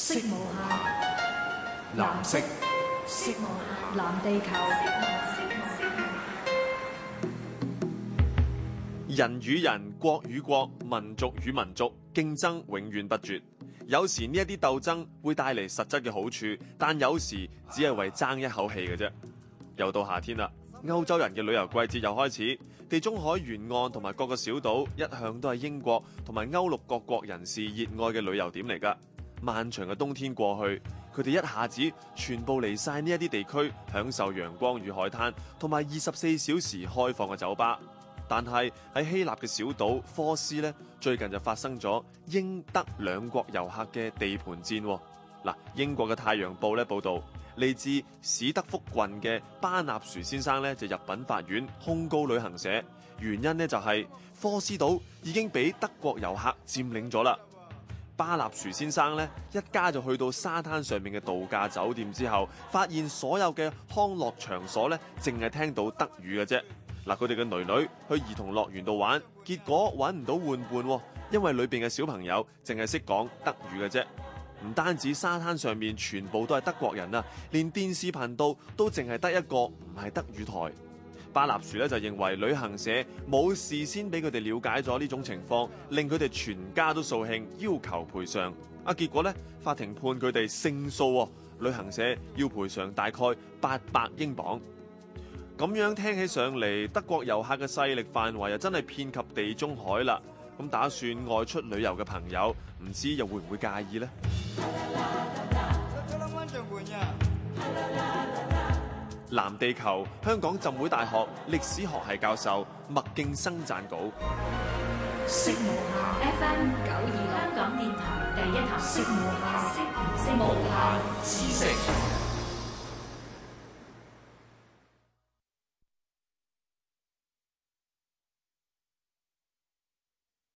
色無限，藍色。色無限，藍地球。人與人，國與國，民族與民族，競爭永遠不絕。有時呢一啲鬥爭會帶嚟實質嘅好處，但有時只係為爭一口氣嘅啫。又到夏天啦，歐洲人嘅旅遊季節又開始。地中海沿岸同埋各個小島一向都係英國同埋歐陸各國人士熱愛嘅旅遊點嚟㗎。漫長嘅冬天過去，佢哋一下子全部嚟晒呢一啲地區，享受陽光與海灘，同埋二十四小時開放嘅酒吧。但係喺希臘嘅小島科斯咧，最近就發生咗英德兩國遊客嘅地盤戰。嗱，英國嘅《太陽報》咧報道，嚟自史德福郡嘅巴納殊先生咧就入稟法院控告旅行社，原因咧就係科斯島已經俾德國遊客佔領咗啦。巴納殊先生咧一家就去到沙灘上面嘅度假酒店之後，發現所有嘅康樂場所咧，淨係聽到德語嘅啫。嗱，佢哋嘅女女去兒童樂園度玩，結果揾唔到玩伴，因為裏邊嘅小朋友淨係識講德語嘅啫。唔單止沙灘上面全部都係德國人啊，連電視頻道都淨係得一個唔係德語台。巴納樹咧就認為旅行社冇事先俾佢哋了解咗呢種情況，令佢哋全家都掃興，要求賠償。啊，結果呢，法庭判佢哋勝訴喎，旅行社要賠償大概八百英鎊。咁樣聽起上嚟，德國遊客嘅勢力範圍又真係遍及地中海啦。咁打算外出旅遊嘅朋友，唔知又會唔會介意呢？藍地球香港浸會大學歷史學系教授麥勁生撰稿。